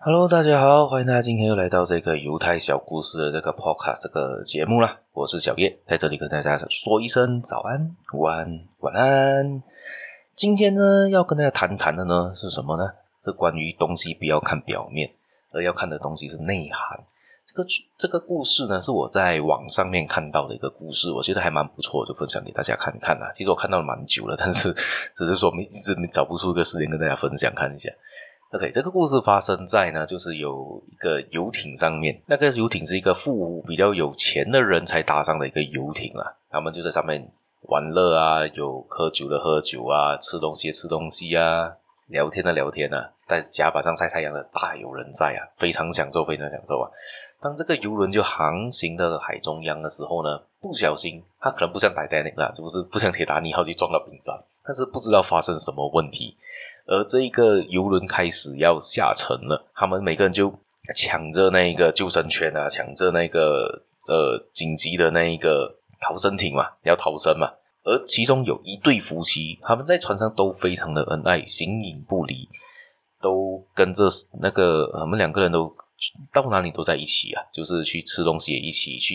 Hello，大家好，歡迎大家今天又來到這個猶太小故事的這個 podcast 這個節目啦，我是小葉，在這裡跟大家說一聲早安、晚安晚安。今天呢，要跟大家談談的呢是什麼呢？是關於東西不要看表面，而要看的東西是內涵。這個這個故事呢，是我在網上面看到的一個故事，我覺得還蠻不錯的，就分享給大家看看啦。其實我看到了蠻久了，但是只是說我一直找不出一個時間跟大家分享看一下。OK，這個故事發生在呢，就是有一個遊艇上面，那個遊艇是一個富，比較有錢的人才搭上的一個遊艇啦，啊，他們就在上面玩樂啊，有喝酒的喝酒啊，吃東西吃東西啊，聊天的聊天啊。在甲板上曬太陽的大有人在啊，非常享受，非常享受啊。當這個遊輪就航行到了海中央的時候呢，不小心，他可能不像 Titanic 啊，就是不像鐵達尼號就撞到冰山，但是不知道發生什麼問題，而這一個遊輪開始要下沉了，他們每個人就搶着那個救生圈啊，搶着那個呃緊急的那一個逃生艇嘛，要逃生嘛。而其中有一對夫妻，他們在船上都非常的恩愛，形影不離。都跟著那個我們兩個人都到哪裡都在一起啊，就是去吃東西也一起，去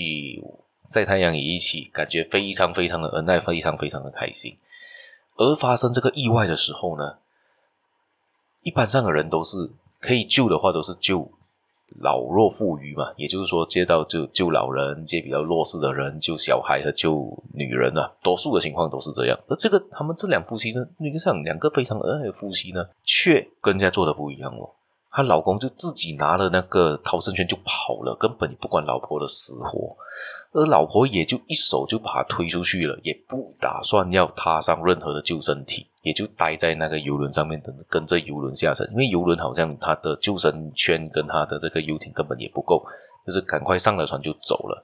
曬太陽也一起，感覺非常非常的恩愛，非常非常的開心。而發生這個意外的時候呢，一般上的人都是可以救的話都是救。老弱婦孺嘛，也就是說，接到就救，救老人，接比較弱勢的人，救小孩和救女人啊，多數的情況都是這樣。而這個他們這兩夫妻呢，一個像兩個非常恩愛的夫妻呢，卻跟人家做的不一樣哦，她老公就自己拿了那個逃生圈就跑了，根本不管老婆的死活，而老婆也就一手就把他推出去了，也不打算要踏上任何的救生艇。也就待在那個遊輪上面，等跟着遊輪下沉，因為遊輪好像他的救生圈跟他的這個遊艇根本也不夠，就是趕快上了船就走了，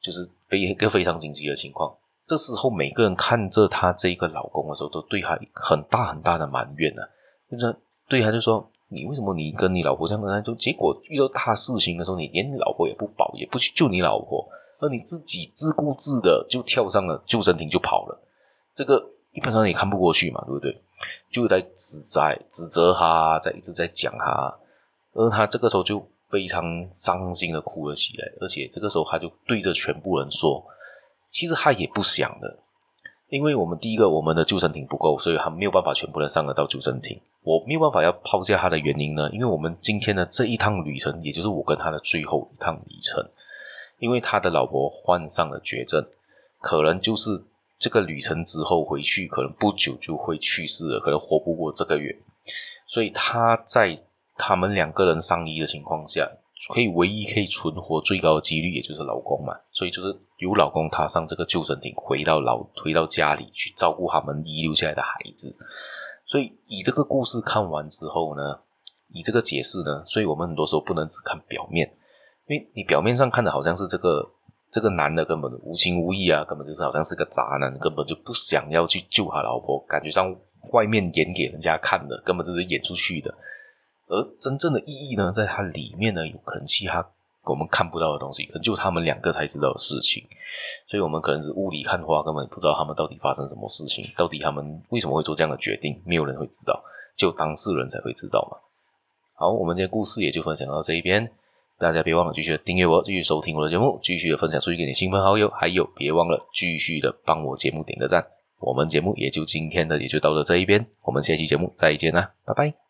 就是非一個非常緊急的情況。這時候每個人看着他這一個老公的時候，都對他很大很大的埋怨呢，就是對他就說：“你為什麼你跟你老婆這樣？”，他說：“結果遇到大事情的時候，你連你老婆也不保，也不去救你老婆，而你自己自顧自的就跳上了救生艇就跑了。”這個。平常也看不過去嘛，對不對？就在指責、指責他，在一直在講他，而他這個時候就非常傷心的哭了起來，而且這個時候他就對着全部人說：“其實他也不想的，因為我們第一個我們的救生艇不夠，所以他沒有辦法全部人上得到救生艇。我沒有辦法要拋下他的原因呢，因為我們今天的這一趟旅程，也就是我跟他的最後一趟旅程，因為他的老婆患上了絕症，可能就是。”這個旅程之後回去，可能不久就會去世了，可能活不過這個月。所以他在他們兩個人商議的情況下，可以唯一可以存活最高的幾率，也就是老公嘛。所以就是由老公，踏上這個救生艇，回到老，回到家裡去照顧他們遺留下來的孩子。所以以這個故事看完之後呢，以這個解釋呢，所以我們很多時候不能只看表面，因為你表面上看的好像是這個。這個男的根本無情無義啊，根本就是好像是個渣男，根本就不想要去救他老婆，感覺上外面演給人家看的，根本就是演出去的。而真正的意義呢，在他裡面呢，有可能其他我們看不到的東西，可能就他們兩個才知道的事情，所以我們可能是霧裡看花，根本不知道他們到底發生什麼事情，到底他們為什麼會做這樣的決定，沒有人會知道，就當事人才會知道嘛。好，我們今天故事也就分享到這一邊。大家別忘了繼續的訂閱我，繼續收聽我的節目，繼續的分享出去給你親朋好友，還有別忘了繼續的幫我節目點個讚。我們節目也就今天的也就到了這一邊，我們下期節目再見啦，拜拜。